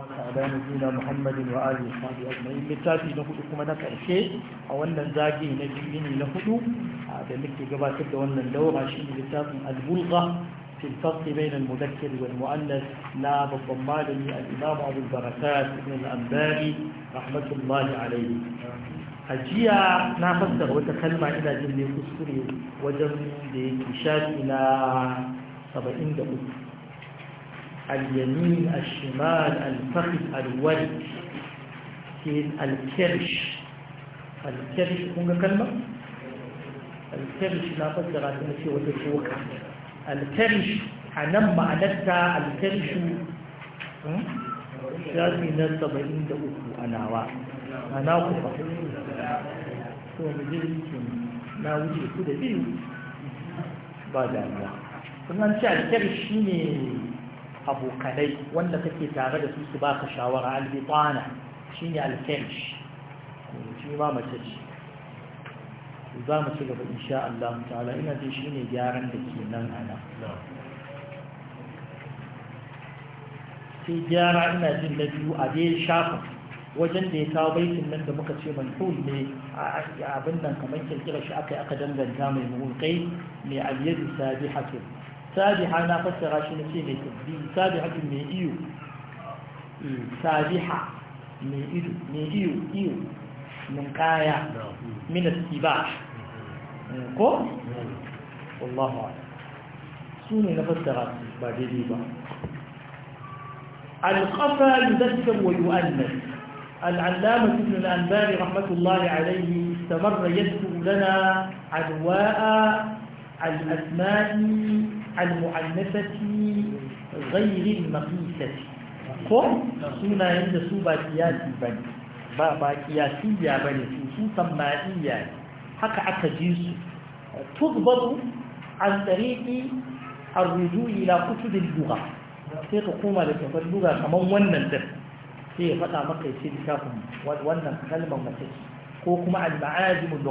sa'adani juna muhammadin wa ajiye sa'adu ajiyar littafi na hudu kuma na karshe a wannan zagi na jini na hudu da muke gabatar da wannan daura shi ne littafin albulga filfafi bai na mudakkiyar wani mu'annas na babban malami a imam abu baraka su ne na ambari rahmatullahi alaihi jiya na fassara wata kalma ina jin ne kuskure wajen da yake shafi na 73 اليمين الشمال الفخذ الورد الكرش الكرش كون كلمة الكرش لا تصدق على نفسي وتشوكا الكرش أنم معنتا الكرش شافي نسبة عند أكو أنا وا أنا أكو to mu je cikin na wuce ku da biyu الكرش damuwa kun an abokanai wanda kake tare da su su baka shawara albitana shine alfensh shi ma mace ce za mu ci gaba insha Allah ta'ala ina ji shine gyaran da ke nan ana sai gyara ina jin na biyu a dai shafa wajen da ya kawo baitin nan da muka ce manhul ne a abin nan kamar kirkira shi aka yi aka danganta mai mulkai mai aliyar sabi hakim سابحة أنا فسر شنو شيء سابحة من إيو سابحة من إيو من إيو إيو من كايا من السباح كو والله أعلم سوني نفسر بعد ذيبا القفا يذكر ويؤنث العلامة ابن الأنباري رحمة الله عليه استمر يذكر لنا عدواء الأسماء al-mu'annasati ghayr ko sunayen da su ba kiyasi bane ba ba kiyasiya bane su su sama'iyya haka aka ji su tuzbatu an tariqi ar-ruju' ila kutub al-lugha sai ka koma da kafar lugha kamar wannan din sai ya faɗa maka sai littafin wannan kalmar mace ko kuma al-ma'azim al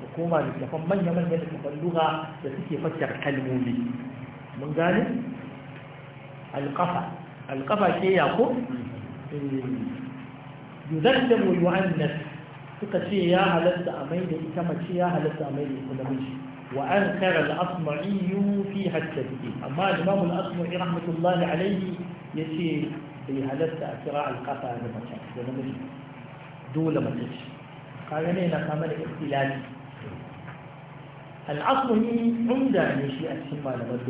hukuma da littafan manya manya da kafan lura da suke fassar kalmomi mun gane alƙafa alƙafa ke yako yuzarta mu yu'annas suka ce ya halatta a mai da ita mace ya halatta a mai da ita namiji wa an kara al'asma'i fi hattabi amma imam al'asma'i rahmatullahi alaihi ya ce bai halatta a kira alƙafa da mace da namiji dole mace ce kaga ne na kama da ikhtilafi al'aslu ni inda ne shi a cikin malaman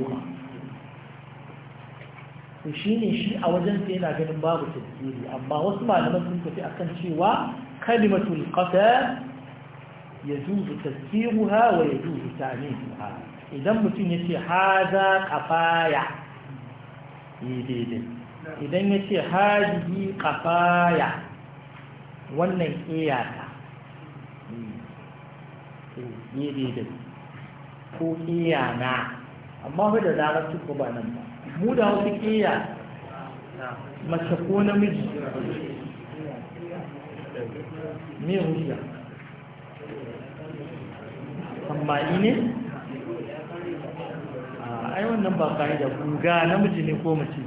ku shi ne shi a wajen sa yana ganin babu tafsiri amma wasu malaman sun tafi kan cewa kalimatul qata yajuzu tafsiruha wa yajuzu ta'mimuha idan mutum yace haza qafaya daidai idan yace hadihi kafaya wannan iyaka hmm. daidai ko iya na, amma fa da larabci ko ba nan ba mu da wasu iya mace ko namiji me wuya amma ne ai wannan ba da guga namiji ne ko mace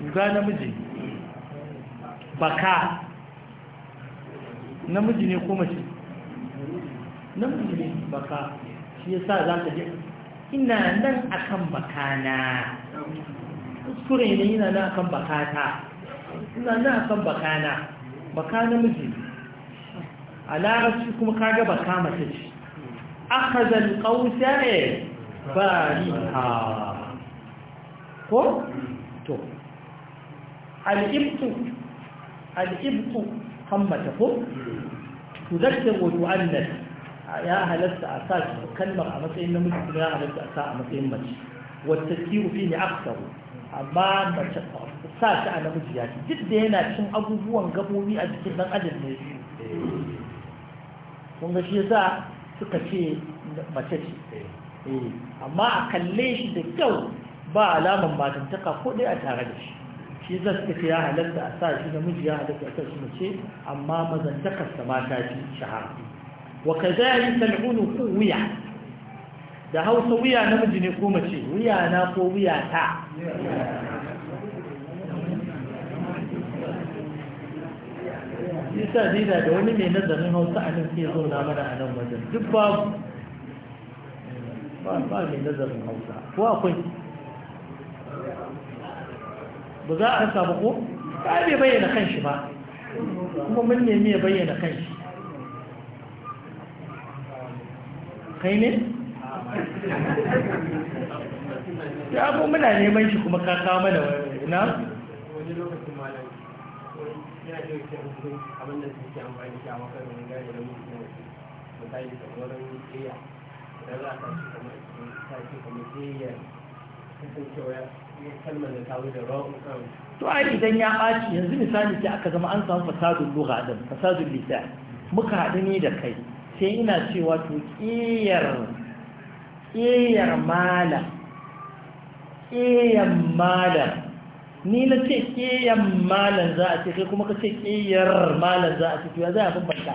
guga namiji baka namiji ne ko mace nan ne baka shi yasa za ka je? ina nan akan bakana kuskure ne ina nan akan bakata ina nan akan bakana baka namiji a larabci kuma kaga baka mace ce ne? Bari ha. ko to al'ibtu al'ibtu hammata ko wato وتؤنث ya halatta a sa kalmar a matsayin namiji kuma ya halatta a sa a matsayin mace wata kiwo fi ne aksaru amma mace sa shi a namiji ya ce duk da yana cin abubuwan gabobi a jikin dan adam ne kun ga shi sa suka ce mace ce eh, amma a kalle shi da kyau ba alaman matantaka ko dai a tare da shi shi za suka ce ya halatta a sa shi namiji ya halatta a sa shi mace amma mazantakarsa mata shi shahararri وكذلك العنق ويا da hausa wuya namiji ne ko mace wuya na ko wuya ta yasa dida da wani mai nazarin hausa a nan sai zauna mana a nan wajen duk babu ba mai nazarin hausa ko akwai ba za a rasa ba ko ba bai bayyana kanshi ba kuma mun nemi ya bayyana kanshi kai ne ya abu muna neman shi kuma ka kawo mana na wani lokacin malam yana da yake abin da suke amfani shi a makarin gane da mutum misali kamar iya idan za ta ci kamar ta ci kamar iya kasancewa ya kalmar da ta wuce rawar to ai idan ya ɓaci yanzu misali sai aka zama an samu fasadun lugha din fasadun lisan muka haɗu ni da kai sai ina cewa to ƙiyar ƙiyar mala ƙiyar mala ni na ce ƙiyar mala za a ce kai kuma ka ce ƙiyar mala za a ce ya za a bambanta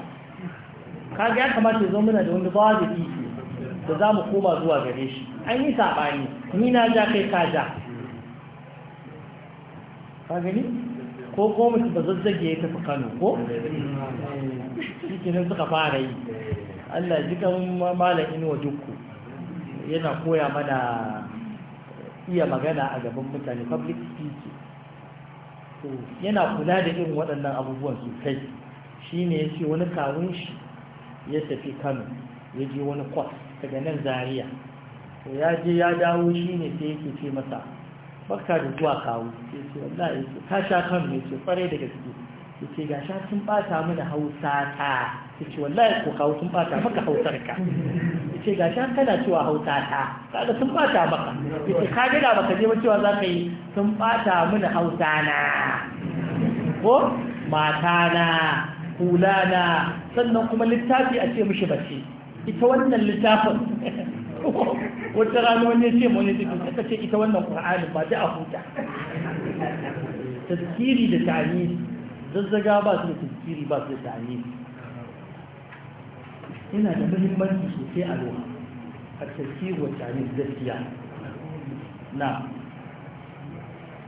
ka ga ya kamata zo muna da wani ba da iko da za mu koma zuwa gare shi an yi saɓani ni na ja kai ka ja ka gani ko goma ba zazzage ya tafi kano ko shi kenan suka fara yi allah ji kan malam wa dukku yana koya mana iya magana a gaban mutane public speaking to yana kula da irin waɗannan abubuwan sosai shi ne ya ce wani kawun shi ya tafi kano ya je wani kwas daga nan zariya ya je ya dawo shi ne sai yake ce masa barka da zuwa kawo ya ce wallahi ka sha kan mai ce kwarai da gaske ya ce ga sha sun bata mana hausa ta ya ce wallahi ko kawo sun bata maka hausar ka ya ce ga sha kana cewa hausa ta kada sun bata maka ya ce ka gida maka je ba cewa za ka yi sun bata mana hausa na ko mata na kula na sannan kuma littafi a ce mishi bace ita wannan littafin wata rana wani ya ce mu ne duk ce ita wannan qur'ani ba ta huta tafsiri da ta'ani zazzaga ba su da tafsiri ba su da ta'ani yana da muhimmanci sosai a ruwa a tafsiri wa ta'ani gaskiya na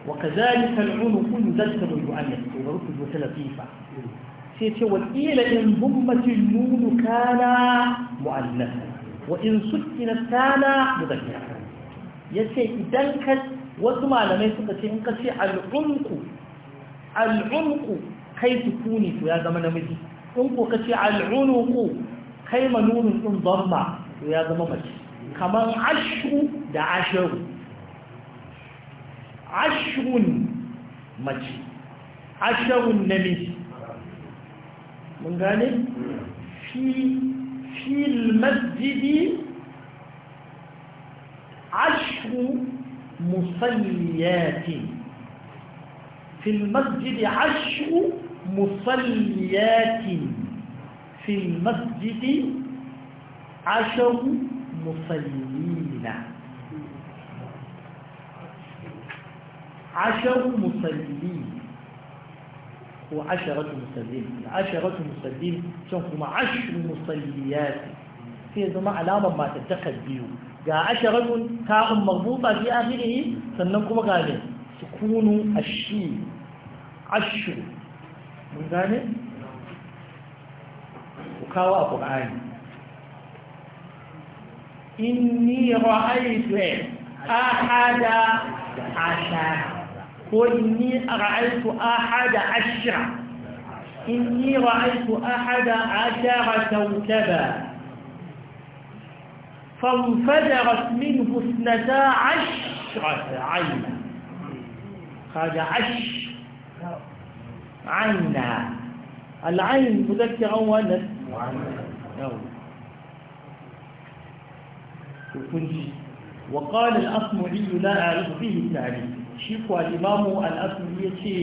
وكذلك العنق يذكر يؤنث وركب لطيفة سيتي وقيل إن ضمة النون كان مؤنثا wa in sukkina sana Ya yace idan ka wasu malamai suka ce in ka ce al'unku al'unku kai sukuni to ya zama namiji in ko ka ce al'unuku kai manunin din dhamma to ya zama mace kamar ashu da ashiru, ashrun mace asharun namiji mun gane shi في المسجد عشر مصليات في المسجد عشر مصليات في المسجد عشر مصلين عشر مصلين هو عشرة مسلمين العشرة مسلمين شنكم عشر مصليات في زما علامة ما تتخذ بيو جاء عشرة تاء مربوطة في آخره سننكم قال سكون الشين عشر من ذلك وكاوى قرآن إني رأيت أحد عشر وإني رأيت أحد عشرة إني رأيت أحد عشرة كوكبا فانفجرت منه اثنتا عشرة عينا خرج عش عينا العين مذكرا أولا وقال الأصمعي لا أعرف فيه تعريف shi kuwa limamu al'asuri ya ce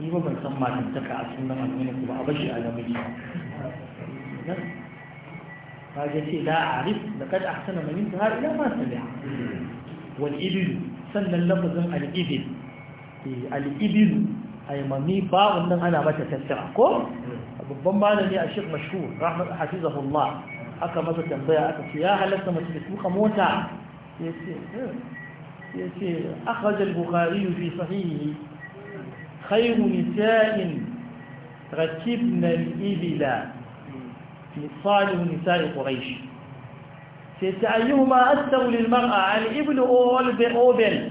ni ba ban san matantaka a sunan al'amini ba a bashi a namiji ta ga ce da a rif da kada a sana mani ta har ila ma saliha wal ibilu sannan lafazin al'ibil eh, al'ibilu a yi mami ba wannan ana mata tattara ko babban malami a shek mashhur rahmat hafizahullah aka masa tambaya aka ce ya halatta mace da tuka mota ya ce eh. يتي أخرج البخاري في صحيحه خير نساء ركبن الإبل في صالح نساء قريش أيهما أثر للمرأة الإبل أو الأوبل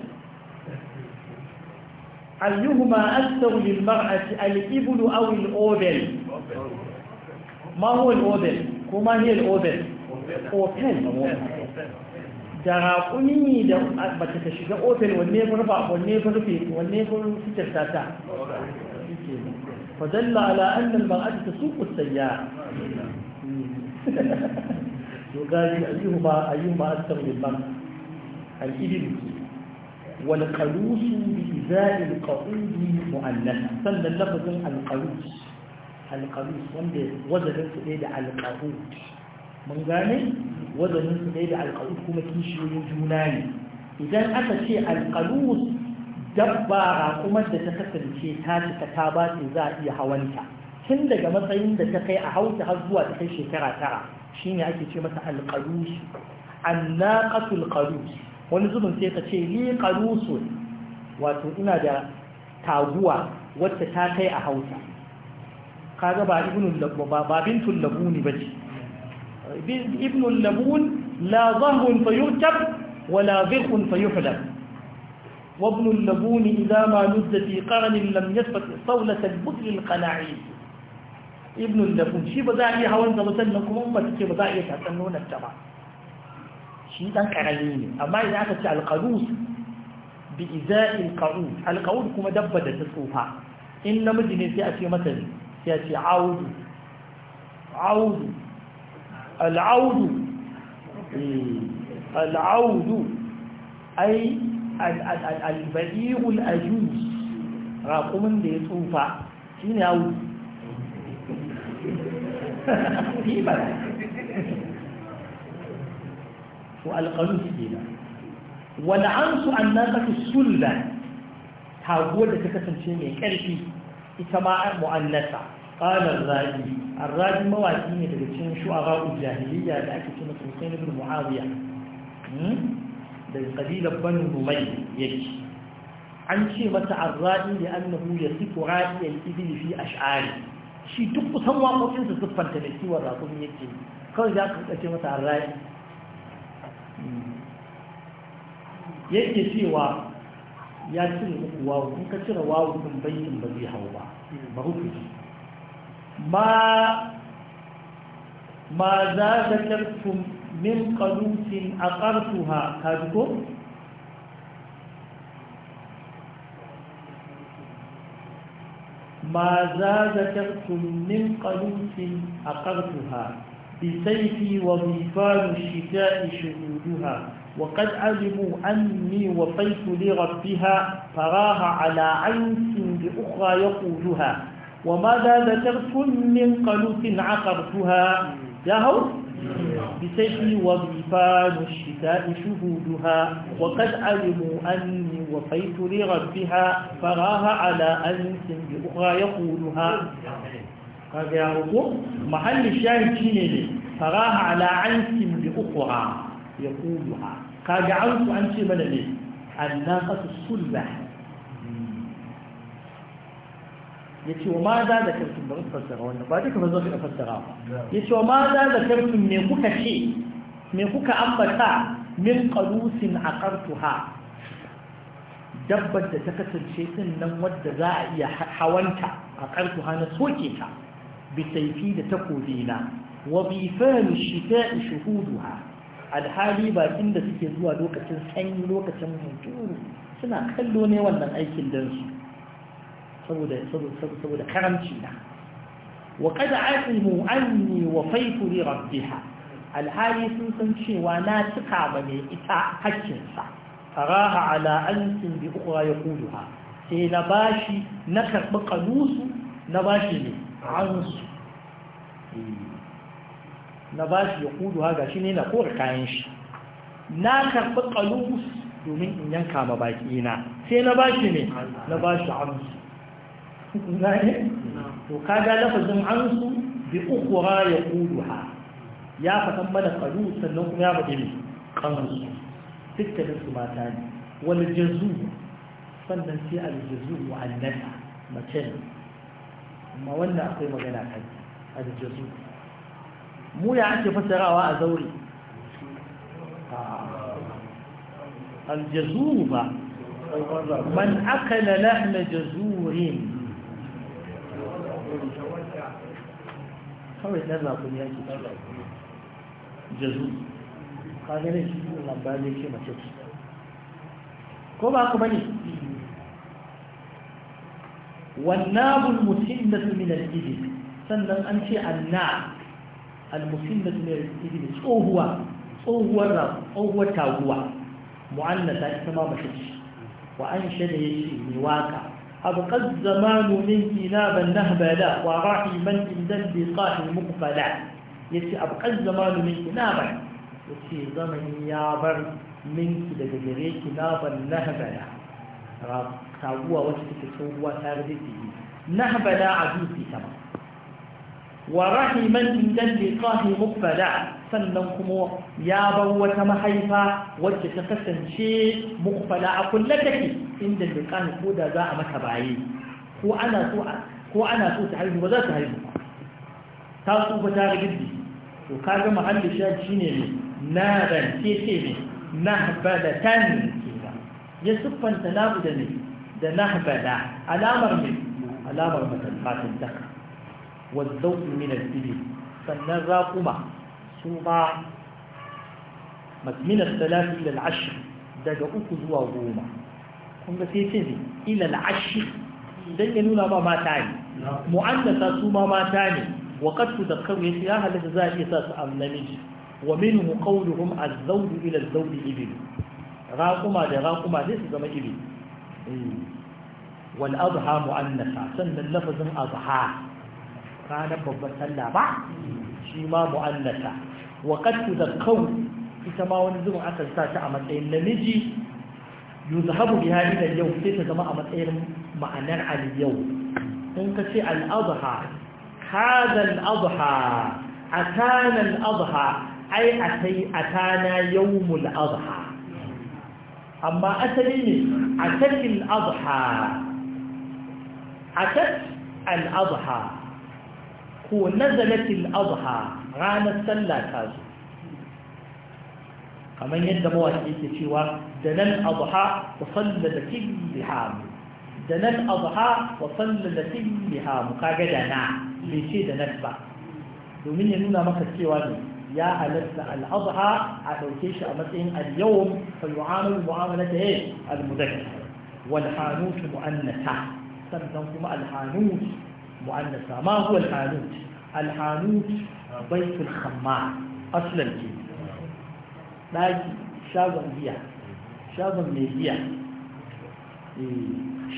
أيهما أثر للمرأة الإبل أو الأوبل ما هو الأوبل وما هي الأوبل أوبل darakuni da mace ta shiga otal wanne ya farfa wanne ya ta ta fadalla ala ba a ta suku sayya to gari a yi ba a yi a ta wani ban al'idin wani kalusu bi mu'allan sannan lafazin alkalus alkalus wanda wazarin su ne da alkalus mun gane wazanin su ne da alƙalus kuma kishiyoyin juna ne idan aka ce alƙalus dabba kuma da ta kasance ta cika ta ba ce za a iya hawanta tun daga matsayin da ta kai a hauta har zuwa ta kai shekara tara shine ake ce mata alƙalus annaqatul ƙalus wani zubin sai ka ce ni qalusun wato ina da taguwa wacce ta kai a hauta kaga ba ibnul labba ba ne ba bace ابن اللبون لا ظهر فيرتب ولا ذرخ فيحلب وابن اللبون إذا ما ند في قرن لم يثبت صولة البكر القناعي ابن اللبون شي بزاعي هوان زبطن لكم شي بدائي تعتنون التبع شي دان كعليم أما إذا أتت القروس بإزاء القعود القعود كما دبدت تصوفها إن مدني سيأتي مثل سيأتي عود عود al'audu hmm. al'audu ai albadirul ajuz raƙumin da ya tsufa shi ne audu ɗibar su alƙalus ke nan wal'ansu an su na ƙafi sulban taguwar da ta kasance mai ƙarfi ita ma mu'annasa قال الرازي الرازي مواقي ne daga cikin shu'ara jahiliya da ake cewa Husayn ibn Muawiya da kabilar Banu Numayr yake an ce mata arra'i da annahu yasifu ra'i al-ibil fi ash'ari shi duk kusan waƙoƙin su siffanta da kiwon raƙumi yake kawai za ka kace mata arra'i yake cewa ya cire muku wawu in ka cire wawu din baitin ba zai hau ba ba hukunci ما ما ذكرتم من قدوس أقرتها هذكم ما زاد ذكرتم من قدوس أقرتها بسيفي وضيفان الشتاء شهودها وقد علموا أني وفيت لربها فراها على عين بأخرى يقولها وماذا ذكرت من قلوس عقرتها ياهو بسيفي وغفان الشتاء شهودها وقد علموا أني وفيت لربها فراها على أنس بأخرى يقولها قال يا رب محل الشاهد شيني فراها على أنس بأخرى يقولها قال عنس أنس من الناقة الصلبة ya ce wa ma za da karfin bari fassara wannan ba duka ba ka fassara ya ce wa ma za da karfin me kuka ce me kuka ambata min qalusin aqartuha dabbar da ta kasance din nan wadda za a iya hawanta aqartuha na soke ta bi saifi da takobi na wa bi fahmi shita'i shuhuduha alhali ba da suke zuwa lokacin sanyi lokacin hunturu suna kallo ne wannan aikin dan su saboda saboda karamci na wa qad alimu anni wafaitu li rabbiha alhali sun san cewa na cika ba ne ita hakkinsa faraha ala ansin bi ukra yaquluha sai na bashi na karbi kanusu na bashi ne ansu eh, na bashi ya yaquluha gashi ne na kore kayan shi na karbi kanusu domin in yanka ma baki na sai na bashi ne na bashi ansu gane to kaga lafazin ansu bi ukhra yaquluha ya fatan mana qalu sannan kuma ya bade ni kansu dukkanin su mata ne wal jazu sannan sai al jazu wa annata mace ne amma wannan akwai magana kan al jazu mu ya ake fasarawa a zauri al jazu ba man akala lahma jazurin kawai ɗan rakuni ya ɗan rakuni jazu kaganin shi labarai ce mace ce ko ba ku bane wannabul musinnatu sannan an ce anna al-musinnatu min al da tsohuwa tsohuwar ra tsohuwar taguwa mu'annata ita ma mace wa an shada yace ni waka أبقى الزمان من كناب النهبلا وراحي من عند اللقاء المقبلا يسي أبقى الزمان من كنابا يسي زمن يابر منك لدجري كناب النهبلا تابوا وسط تسوى تاردته نهبلا عزيزي كما ورحي من عند اللقاء مقبلا sannan kuma ya bar wata mahaifa wacce ta kasance mukfala a kulle take inda liqani ko da za a mata baye ko ana so ta haihu ba za ta haihu ta su ba ta rigidi to kaga mahalli shaji shine ne na rance ce ne nahbadatan ya siffanta nabu da ne da nahbada alamar ne alamar matalfatin ta والذوق من الإبل sannan raƙuma سوطا من الثلاث إلى العشر دقا أكزوا غوما كنت سيتزي إلى العشر دقا نولا ما ما تاني مؤنثة سوما ما تاني وقد تذكر يسياها لتزاهي ساس أم نمجي ومنه قولهم الزوج إلى الزوج إبل راقما دي راقما دي سيزم إبل والأضحى مؤنثة سن اللفظ أضحى كان ببطل لبع شما مؤنثة وقد إذا القول في سماء ونزم عسل ساشا عمد أين لنجي يذهب بها إلى اليوم سيسا زماء عمد أين معنى على اليوم تنكسي الأضحى هذا الأضحى أتانا الأضحى أي أتي أتانا يوم الأضحى أما أتني أتت الأضحى أتت الأضحى هو نزلت الأضحى ranar sallah ta zo kamar yadda mawaƙi ke cewa da nan abuha wa sallalatin lihamu da nan abuha wa sallalatin lihamu kaga da na bai ce da nan ba domin ya nuna maka cewa ne ya halatta al'adha a ɗauke shi a matsayin al-yawm fa mu'amala ta hey eh, al-mudakkar wal hanut mu'annata sannan kuma al-hanut mu'annata ma huwa al alhanut baitul khamma aslan ke ɗaki shagon giya shagon mai giya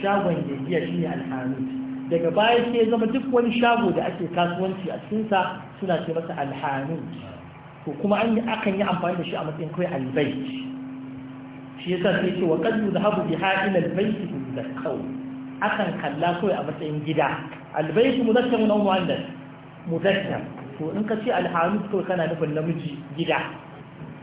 shagon mai giya shi ne alhanut daga baya sai zama duk wani shago da ake kasuwanci a cikinsa suna ce masa alhanut to kuma an yi akan yi amfani da shi a matsayin kawai albayt shi yasa sai ce wa qad yuzhabu biha ila albayt muzakkau akan kalla kawai a matsayin gida albayt muzakkar na muannas mudakkar to in ka ce alhamid to kana nufin namiji gida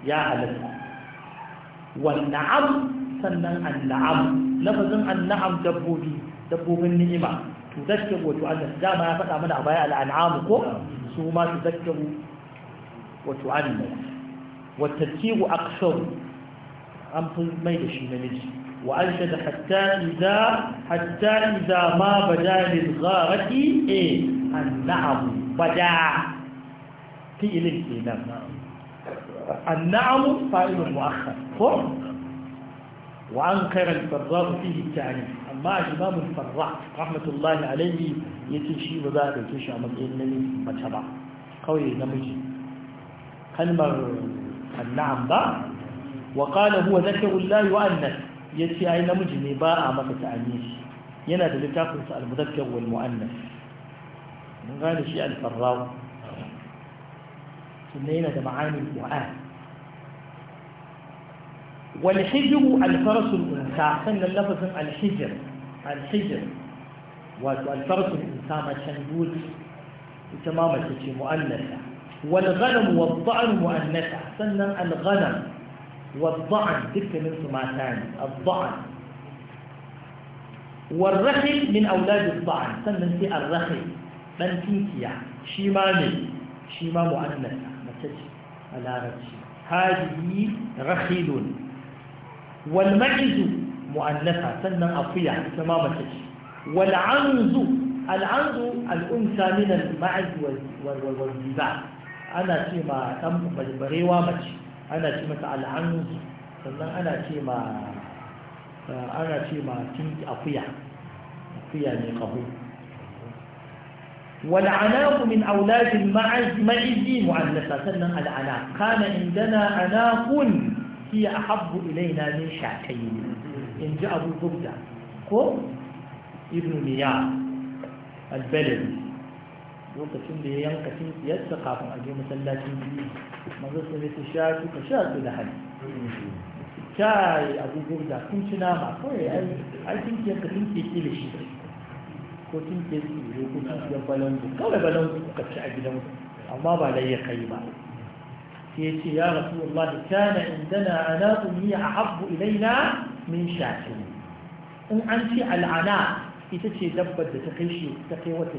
ya halatta am sannan an anna'am lafazin anna'am dabbobi dabbobin ni'ima to zakkaru wato Allah dama ya faɗa mana a baya al'an'am ko su ma to zakkaru wato Allah wa tazkiru aksar an fi mai da shi namiji وأنشد حتى إذا حتى إذا ما بدا للغارة إيه النعم بدا في إليه نعم النعم فائل مؤخر وأنكر الفراغ فيه التعريف أما الإمام الفراء رحمة الله عليه يتشي وذاك يتشي عمل إيه؟ إنني متبع قوي نمجي كلمة النعم ده وقال هو ذكر الله وأنث ya ce ai namiji ne ba a maka ta'ani shi yana da littafinsa al-mudakkar wal mu'annas mun gane shi al-farraw sannan yana da ma'ani qur'an wal hijru al-faras al-unsa sannan lafazin al-hijr al-hijr wato al-faras al-unsa ma shandul ita ma mace ce mu'annasa wal ghanam wad-da'n mu'annasa sannan al-ghanam والضعن من سمعتان الضعن والرخل من أولاد الضعن سننسي الرخل من يعني شيماني شيما مؤنثة متجي على رجي هذه رخيل والمعز مؤنثة سنن أطيع كما متجي والعنز العنز الأنثى من المعز والذباب أنا شيما تم بريوة متجي ana ce mata al'anu sannan ana ce ma eh, ana ce ma tun akuya akuya ne kahu wal'ana ku min aulatin ma'izi sannan al'ana kana indana ana kun fiye a habbu ilaina ne shakai ne in ji abubuwa ko ibn miya al-balad lokacin da ya yanka tinkiyarsa kafin a je masallacin biyu manzo sai ya ce sha su ka sha su da hali kai abu burda kun ci nama kawai ai tinkiyar ka tinkiye kilishi ko tinkiye tsiro ko tinkiyar balangu kawai balangu kuka ci a gidan amma ba lai ya kai ba sai ya ce ya rasu Allah kana indana ana ummi a habbu ilaina min shafi in an ce al'ana ita ce dabbar da ta kai shi ta kai wata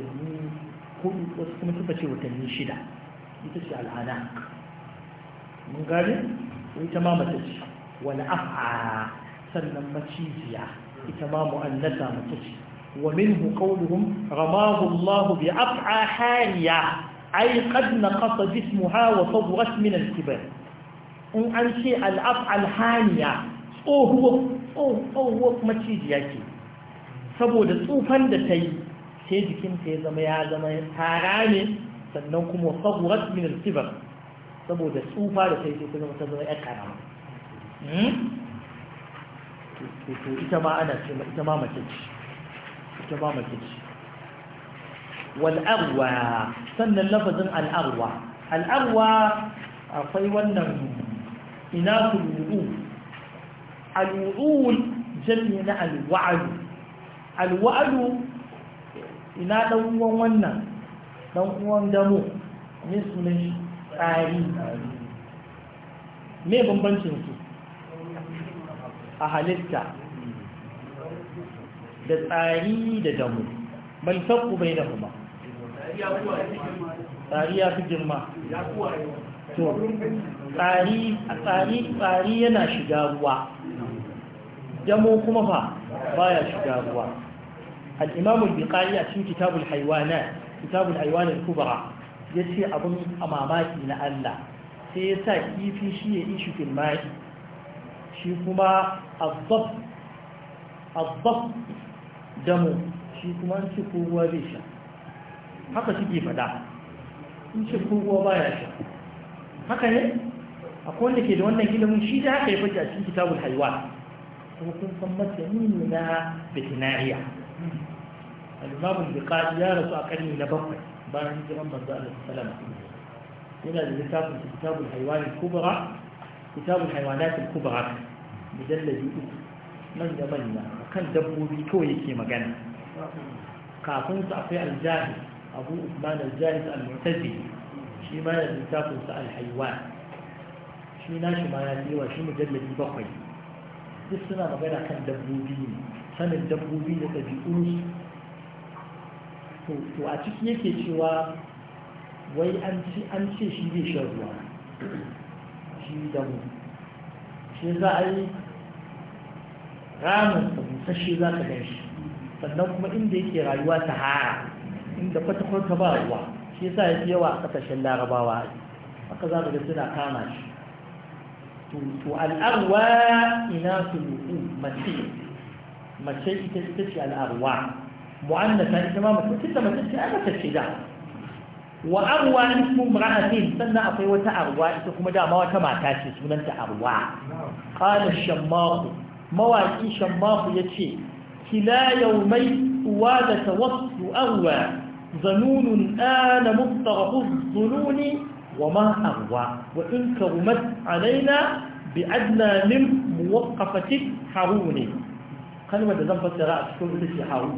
hudu wasu kuma suka ce watanni shida ita ce al'ada. mun gane ita ma mace ce wal af'a sannan maciziya ita ma mu'annasa mace ce wa minhu qawluhum ramahu Allah bi af'a hariya Ai qad kasa jismuha wa sabu min al-kibar in an ce al-af'a al-haniya tsohuwa maciziya ce saboda tsufan da ta yi sai jikinta ya zama ya zama ya tara ne sannan kuma fahurat min al-kibar saboda tsufa da sai ta zama ta zama ya karama hmm? to ita ma ana ce ita ma mace ce ita ma mace ce wal arwa sannan lafazin al arwa al arwa akwai wannan inatul wudu al wudu jami'a na al wa'd al wa'd ina ɗan uwan wannan ɗan uwan damo ne sunan me bambancin su a halitta da tsari da damo bal farko bai da kuma tsari ya fi girma to tsari tsari yana shiga ruwa damo kuma ba baya shiga ruwa الإمام البقائي أسين كتاب الحيوانات كتاب الحيوان الكبرى يسي أبن أمامات إلى الله سيسا كيفي شيء إيش في الماء شيكما الضب الضب دمو شيكما انشكو وبيشا haka suke fada in ce kowa baya sha haka ne akwai wanda ke da wannan ilimin shi da haka ya fage a cikin kitabul haiwa kuma kun san na الإمام البقاعي يا رسول أقل من بقر بعد هجرة من ذا السلام هنا الكتاب كتاب الحيوان الكبرى كتاب الحيوانات الكبرى مجلد من ده من كان دبوبي كوي يكي مغانا كافون تعطي الجاهل أبو عثمان الجاهل المعتزلي شي الكتاب سأل الحيوان شي ناشي ما يلي وشي مجلد بقر duk suna magana كان دبو ne sanin dabbobi da ɗabi'unsu to a ciki yake cewa wai an ce shi zai shan ruwa shi damu shi za a yi ramin busashe za ka gan shi sannan kuma inda yake rayuwa ta hara inda kwata-kwata ba ruwa shi za a yi yawa a ƙasashen larabawa haka za ga suna kama shi to al'arwa ina su mace مشي تتشي الأروع مؤنثا كما مثل كذا ما تتشي أنا تتشي ده وأروع اسم امرأة سنة أطيوة أروع تقوم ما كما تتشي اسم أنت قال الشماخ ما واجي شماخ يتشي كلا يومي وادة توصف أروع ظنون آن مضطرب الظنون وما أروع وإن كرمت علينا بأدنى من موقفة حروني kalmar da zan fassara a cikin ita ce haru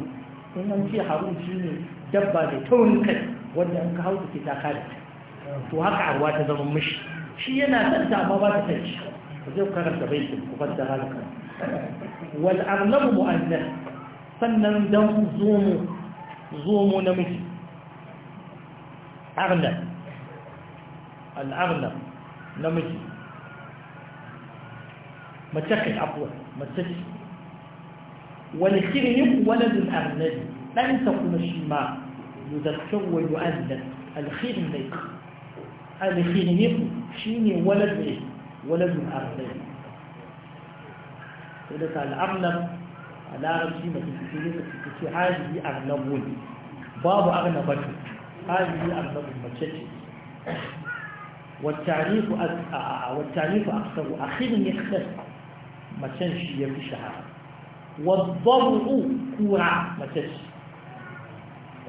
in an ce haru shi ne dabba da taurin kai wanda in ka hau take ta kare to haka arwa ta zama mishi shi yana son ta amma ba ta san shi ku zai karanta baitin ku fassara da kan wal arnabu mu'annas sannan dan zomo zomo namiji arnab al arnab namiji mace kai abuwa mace والخرنق ولد الأرنب لن تكون الشماء يذكر ويؤذن الخير ويؤنث الخير الخرنق شيني ولد إيه؟ ولد الأرنب ولد الأرنب على رجيمة عربي في تفكرين هذه أرنبون باب أرنبة هذه أرنب مجتش والتعريف آه، والتعريف أكثر أخيرا يختص ما تنشي يمشي شهر والضبع kura متش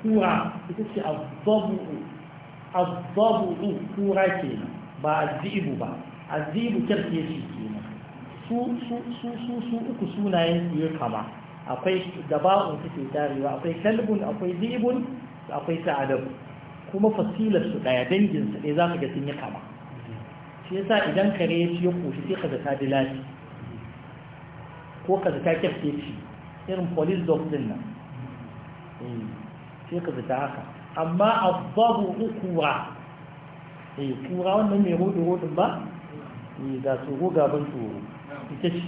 kura تتشي ba azibu كورا كينا با الزئب با الزئب كرتيشي كينا su su su su uku sunayen su yi kama akwai daba'un suke tarewa akwai kalbun akwai zibun akwai sa'adab kuma fasilar su daya dangin su za ka ga sun yi kama shi yasa idan kare ya ciyo koshi sai ka ga ta dilaci ko ka zata kyafte shi irin police dog din nan eh, sai ka zata haka amma ababu kura eh kura wannan mai hudu hudun ba eh da su goga ban tsoro ita ce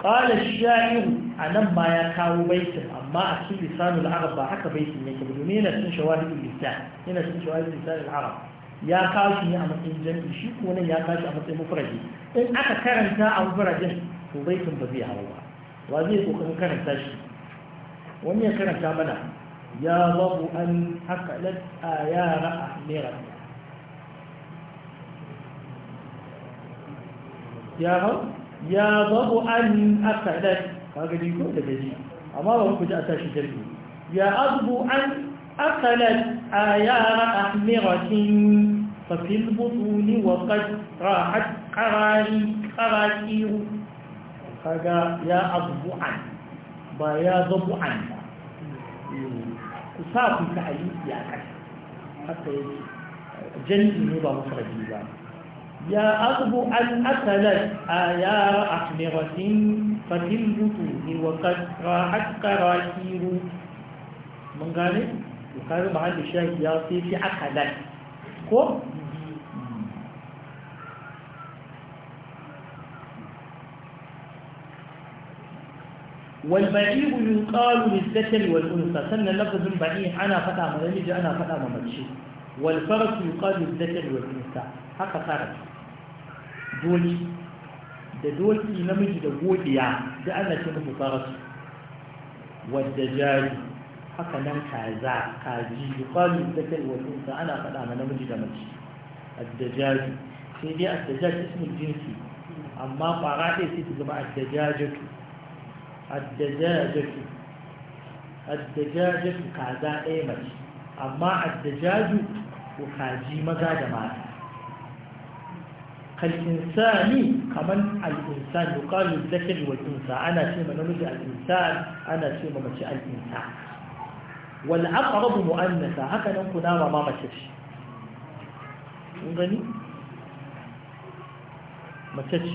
قال الشاعر أنا ما يكاو bai أما أكيد لسان العرب حكى بيت منك بدون هنا yana اللسان هنا شواهد لسان العرب ya kashi ne a matsayin jami'i shi kuma nan ya kashi a matsayin mufraji in aka karanta a mufrajin to baitin ba zai hawa ba wa zai kokarin karanta shi wani ya karanta mana ya babu an hakalat a yara ahmira ya hau ya babu an hakalat ka gani ko da gaji amma ba ku ji a tashi jami'i ya abu an hakalat آيار أحمرة ففي البطون وقد راحت قراري قراكير kaga ya abubuwan ba ya zabu'an ba ku sa ku ta aliki a kai haka yake janji ne ba mafarki ba ya abubuwan asalar a yara butu to kaga mahallin shahi ya sai shi akalan ko والبعير يقال ana والأنثى ma لفظ ana أنا فتى مرمج أنا فتى ممشي والفرس يقال للذكر والأنثى haka fara doki da doki namiji da godiya da ana ce musu farasu wadda jari haka nan kaza kaji yuqalu zakal wa unsa ana faɗa ma namiji da mace ad sai dai ad-dajaj jinsi amma fara ɗaya sai su zama ad-dajajatu ad kaza ɗaya mace amma addajaju ko kaji maza da mata كالإنسان كمن الإنسان يقال الذكر والأنثى أنا شيء namiji نمشي الإنسان ana شيء من نمشي الإنسان والأقرب مؤنثة هكذا نكون نارا نعم ما مكتش مغني مكتش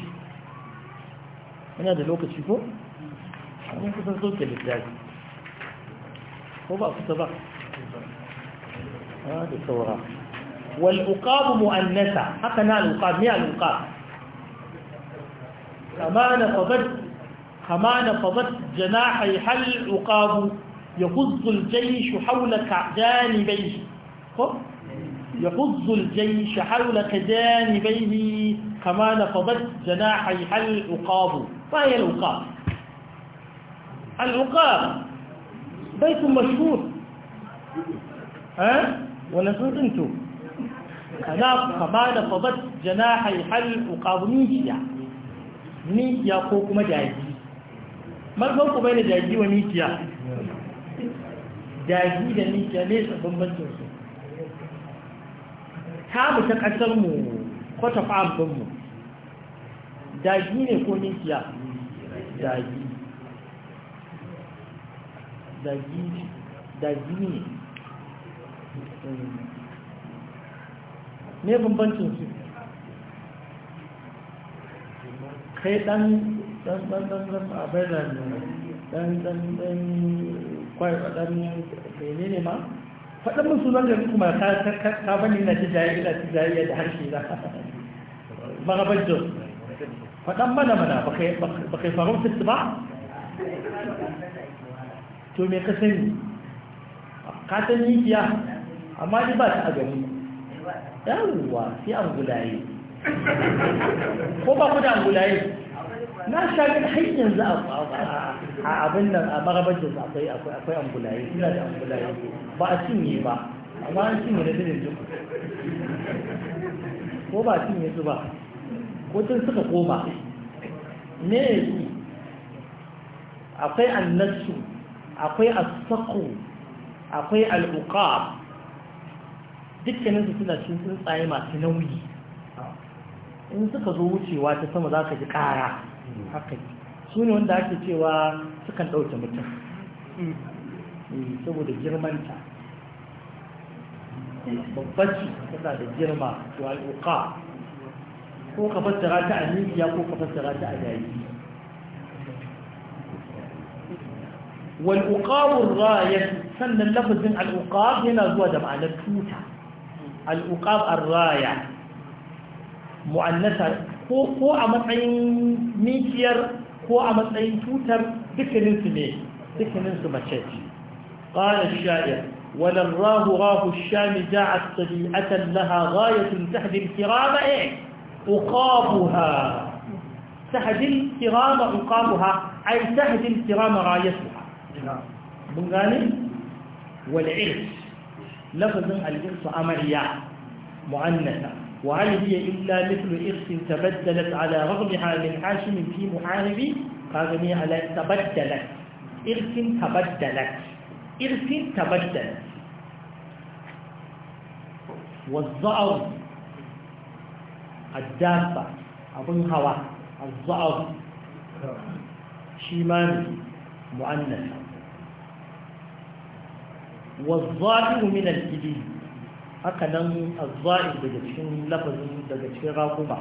من هذا الوقت شوفوا فوق أنا كنت أقول كلمة لازم هو بقى كنت بقى هذا الثورة والأقاب مؤنثة هكذا نال أقاب مئة الأقاب كما نفضت كما نفضت جناحي حل أقابه يغض الجيش حول جانبيه يغض الجيش حول جانبيه كما نفضت جناحيها العقاب هي العقاب العقاب بيت مشهور ها ولا ونسوت انتو كما نفضت حل العقاب نيجي نيجيا فوق مجاجي ما الفرق بين جاجي ونيجيا dagi da mikiya ne bambancin su tamu ta kasar mu kwata fa'abin mu dagi ne ko mikiya dagi dagi dagi ne ne bambancin su kai dan dan dan dan abin da dan dan dan kwai faɗan mene ne ma faɗin musu nan da kuma ta bani na ci jayi da ci jayi da harshe na marabar jos faɗan mana mana ba kai faru fitu ba to me ka sani ka san nikiya amma ni ba ta a gari yawwa sai an gulaye ko ba ku da an gulaye na sha gani har yanzu a abin nan a marabar da akwai akwai ambulaye ina da ambulaye ba a cinye ba amma an cinye da dinin duk ko ba a cinye su ba ko tun suka koma ne akwai annasu akwai asako? akwai dukkanin dukkaninsu suna cin tsuntsaye masu nauyi in suka zo wucewa ta sama za ka ji ƙara haka su ne wanda ake cewa sukan ɗauke mutum eh, saboda girmanta babbaci tana da girma wal'uka ko ka fassara ta a nijiya ko ka fassara ta a yayi wal'uƙawun raya sannan lafazin al'uƙaf yana zuwa da ma'anar tuta al'uƙaf an raya mu'annasa ko a matsayin mikiyar ko a matsayin tutar dukkaninsu ne dukkaninsu mace ce ƙwarar sha'ir walar rahu rahu shami ja'ad tabi'atan laha ghayatun tahdil kirama e uqabuha tahdil kirama uqabuha ay tahdil kirama rayatuha mun gane wal irs lafazin al irs amariya mu'annasa وهل هي إلا مثل إرث تبدلت على رغمها من حاشم في محارب قال على تبدلت إخت تبدلت إرث تبدلت والزعر الدابة أبن هوا الزعر شيمان مؤنث والظاهر من الجديد haka nan azza'in daga cikin lafazin daga cikin raƙuma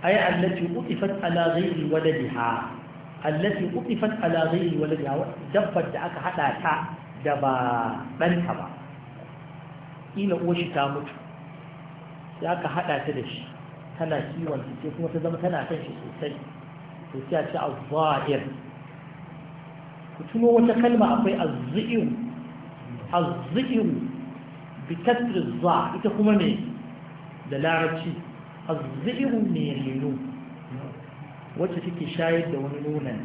ai allati uqifat ala ghairi waladiha allati uqifat ala ghairi waladiha dabbar da aka hada ta da ba ɗanta ba ila uwar shi ta mutu sai aka hada ta da shi tana kiwon ta sai kuma ta zama tana kan shi sosai to sai a ce azza'ir ku tuno wata kalma akwai azzi'ir azzi'ir بكثر الضع إذا هما مين دلارة شيء الزئر ميرينو وجه فيك شايد دونونا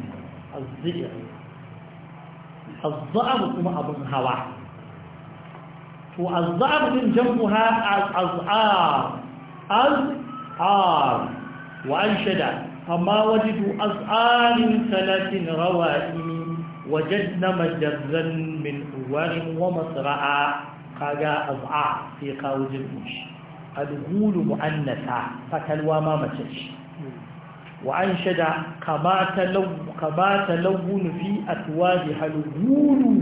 الزئر الضعر هما أبن هوا والضعر من جنبها الأزعار الأزعار وأنشد فما وجدوا أزعار من ثلاث روائم وجدنا مجزا من أوان ومسرعا kaga az'a sai kawo jirgin shi al-gulu mu'annasa fatalwa ma mace ce wa an shada kamata law kamata lawun fi atwaji al-gulu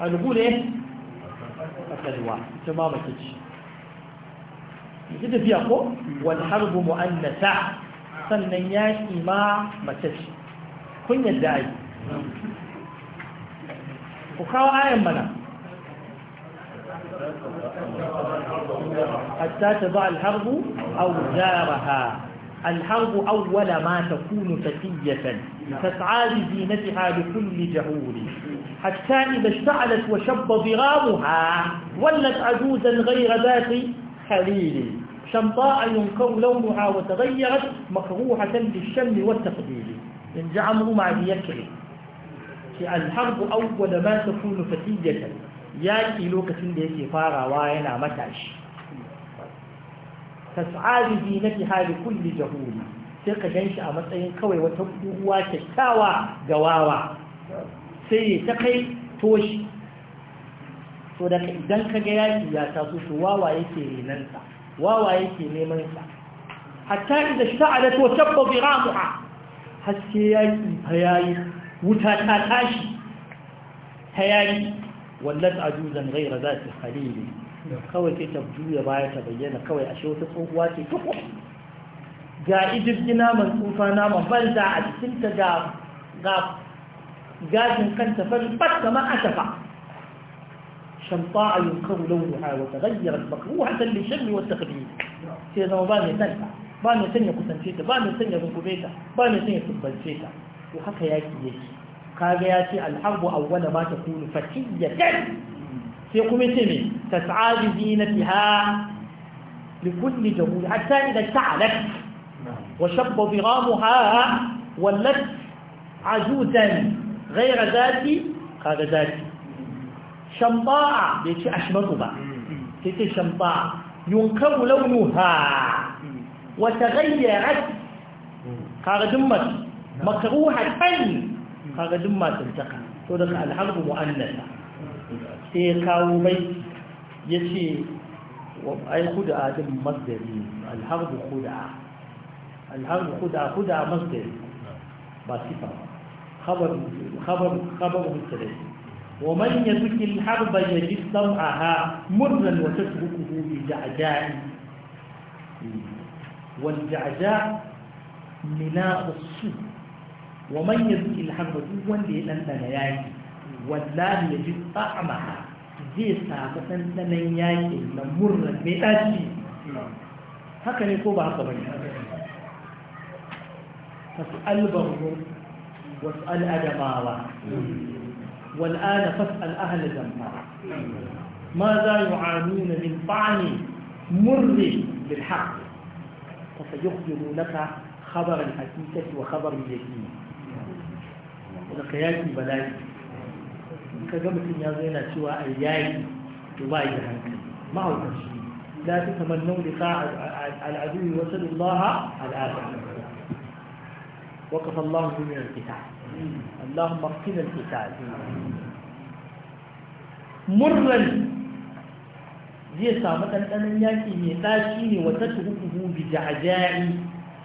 al-gulu fatalwa ita ma mace ce ita tafiya ko wal harbu mu'annasa sannan yaki ma mace ce kun yadda ai ku kawo ayan mana حتى تضع الحرب أوزارها الحرب أول ما تكون فتية تسعى لزينتها بكل جهول حتى إذا اشتعلت وشب ضرامها ولت عجوزا غير ذات خليل شمطاء ينكر لونها وتغيرت مكروهة للشم والتقبيل إن جعمه مع يكره الحرب أول ما تكون فتية yaƙi lokacin da yake farawa yana matashi tas'ari bi na tihari kulli jahuri sai ka ganshi a matsayin kawai wata uwa kyakkyawa ga wawa sai ya ta kai toshi so da idan ka ga yaƙi ya taso to wawa yake wawa yake neman sa hatta idan sha'adat to tabba ramuwa. haske yaƙi fa yayi wuta ta tashi ta yayi wallan ajuzan gaira za su halili kawai sai ta juya baya ta bayyana kawai ashe wata tsohuwa ce ta ga ijirgi naman tsufa naman banza a cikinta ga gashin kanta fari bat kama atafa شمطاء ينكر لونها وتغيرت مكروحة للشم والتقديم سيدنا بان يتنفع بان يتنفع كسنشيتا بان يتنفع كبيتا بان يتنفع كبيتا وحكا ياكي يشي kaga ya ce alharbu awwala ma takunu fatiyatan sai kuma ce ne tas'adu zinatiha لكل جمهور حتى إذا اشتعلت وشب ضرامها ولت عجوزا غير ذاتي قال ذاتي شمطاع بيتي أشمطبا تيتي شمطاع ينكر لونها وتغيرت قال دمت مكروهة kaga duk matantaka to daga alharbu mu'annasa sai ya kawo bai ya ce ai kuda din masdari alharbu kuda alharbu kuda kuda masdari ba sifa khabar khabar khabar mutadai ومن يتك الحرب يجد سمعها مرا وتتركه بجعجاء والجعجاء ملاء السوء وميز يزكي لحم جوان دي لن تنياك والذان يجد طعمها زي ساقة تنياك لمر بيتاتي هكا نيكو بعض بي فاسأل بره واسأل أجمالا والآن فاسأل أهل جمالا ماذا يعانون من طعم مر بالحق فسيخبر لك خبر الحقيقة وخبر اليقين daga yaki bala'i ka ga mutum ya zo yana cewa a yayi to ba da hankali mahaukaci la ta kamar nau'i ka al'adu wa sallallahu al'adu وقف الله من القتال اللهم اقتنا القتال مرا zai samu ɗanɗanin yaƙi mai ɗaci ne wata tuhuhu bija'aja'i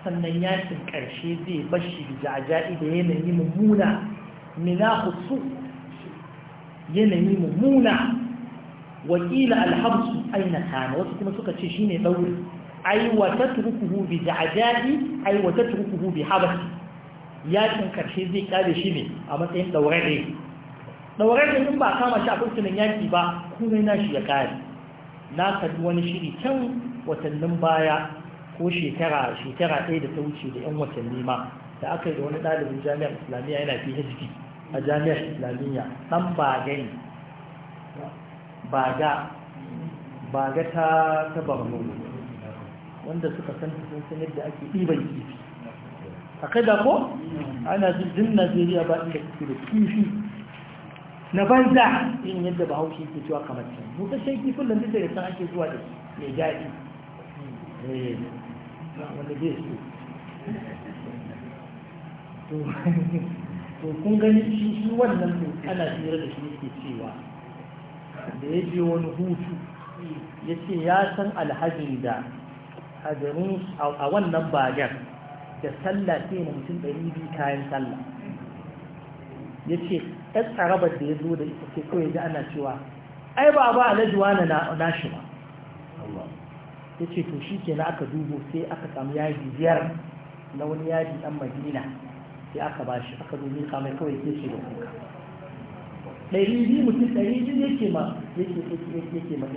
sannan yaƙin ƙarshe zai bashi bija'aja'i da yanayi mummuna minahu su yanayi mummuna wakila alhamsu aina kana wasu kuma suka ce shine ne ai wa tatrukuhu bi da'ajati ai wa bi habasi yakin karshe zai kare shi ne a matsayin daurare daurare in ba kama shi a kurkunan yaki ba komai shi ya kare na kalli wani shiri can watannin baya ko shekara shekara ɗaya da ta wuce da 'yan watanni ma da aka yi da wani ɗalibin jami'ar islamiyya yana phd a jami'ar islamiyya ɗan baga ne baga baga ta ta barno wanda suka san sun san yadda ake ɗiban kifi a kai da ko ana jirgin najeriya ba inda kifi da kifi na banza irin yadda bahaushe ke cewa kamar can mutashen kifin da duk da ake zuwa da ya daɗi eh, wanda zai so to kun gani shi shi wannan mai ana tsira da shi ke cewa da ya je wani hutu ya ce ya san alhajin da hajjarin a wannan bagar da sallah sai na mutum ɗari biyu kayan sallah ya ce ɗan tsarabar da ya zo da ita ce kawai ji ana cewa ai ba ba alajuwa na nashi ba ya ce to shi ke na aka dubo sai aka samu yaji biyar na wani yaji ɗan madina sai aka ba shi aka domin kamar kawai ke ce da kuka ɗari biyu mutum ɗari biyu yake ma yake yake yake ma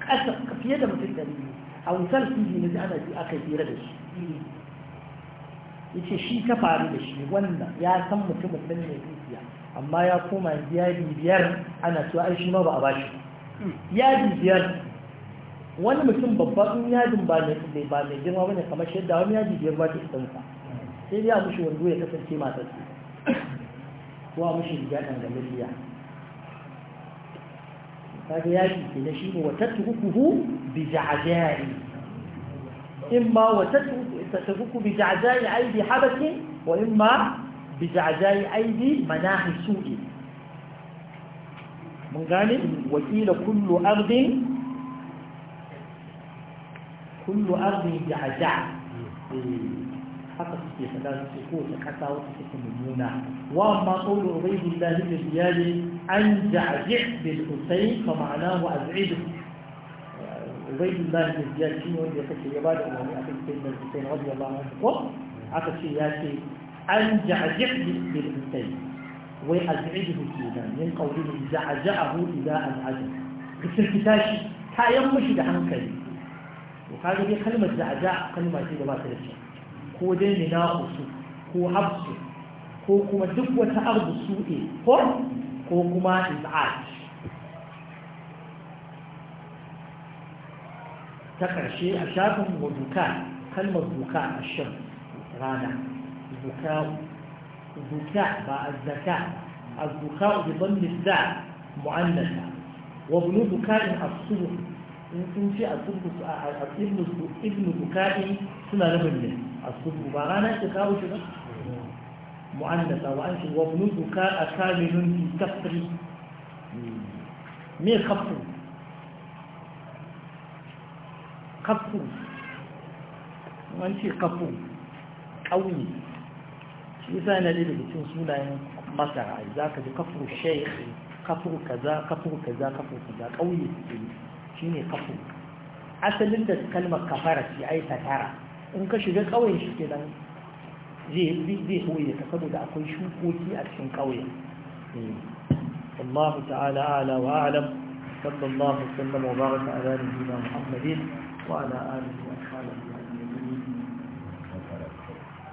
ƙasa fiye da mutum ɗari biyu a wutar fiji na ana ji aka hira da shi yace shi ta faru da shi wannan ya san mutum mutum ne dukiya amma ya koma ya biyar ana cewa ai shi ma ba a bashi ya biyar wani mutum babban yadin ba mai girma bane kamar shadda wani yadin biyar ba ta idansa sai dai a mushi wando ya kasance matarsa ko a mushi riga ɗan da miliya kaga yaki ke na shi ne wata tuhukuhu bi ja'ajari in ma wata tuhukuhu bi ja'ajari aidi habakin wa in ma bi ja'ajari aidi manahi su'i mun gane wakila kullu ardin kullu ardin ja'aja حتى في ثلاث سكوت حتى وقت المنونة وما قول عبيد الله بن زياد أن جحد بالحسين فمعناه أزعده عبيد الله بن زياد شنو اللي يقول في عبادة سيدنا يعني الحسين رضي الله عنه قم حتى في ياتي أنجع جحد الحسين وأزعده الإيمان من قوله زعجعه إذا أزعجه قصة الكتاش كأيام مشي لحنكري وهذه هي كلمة زعجع كلمة إذا ما تلشت ko dai mina'usu ko habsu ko kuma duk wata arzu su'e ko ko kuma iz'aj ta ƙarshe a shafin wa duka kalmar duka a shan rana duka duka ba a zaka a duka da ban nisa mu'annata wa bunu duka in asubu in sun ce asubu a ibnu duka suna nufin ne asubu ba ranar ta kawo shi ba mu'andasa wa an shi wa bunu duka a fi kafri me kafu kafu an ce kafu ƙauye shi isa yana da daga cikin sunayen masara za ka ji kafu shai kafu kaza kafu kaza kafu kaza ƙauye shi ne kafu asalin da kalmar kafara ce ai tattara tara in ka shiga ƙauyen shi kenan zai hoye ka saboda akwai shukoki a cikin ƙauyen الله تعالى أعلى وأعلم صلى الله وسلم وبارك على نبينا محمد وعلى آله وسلم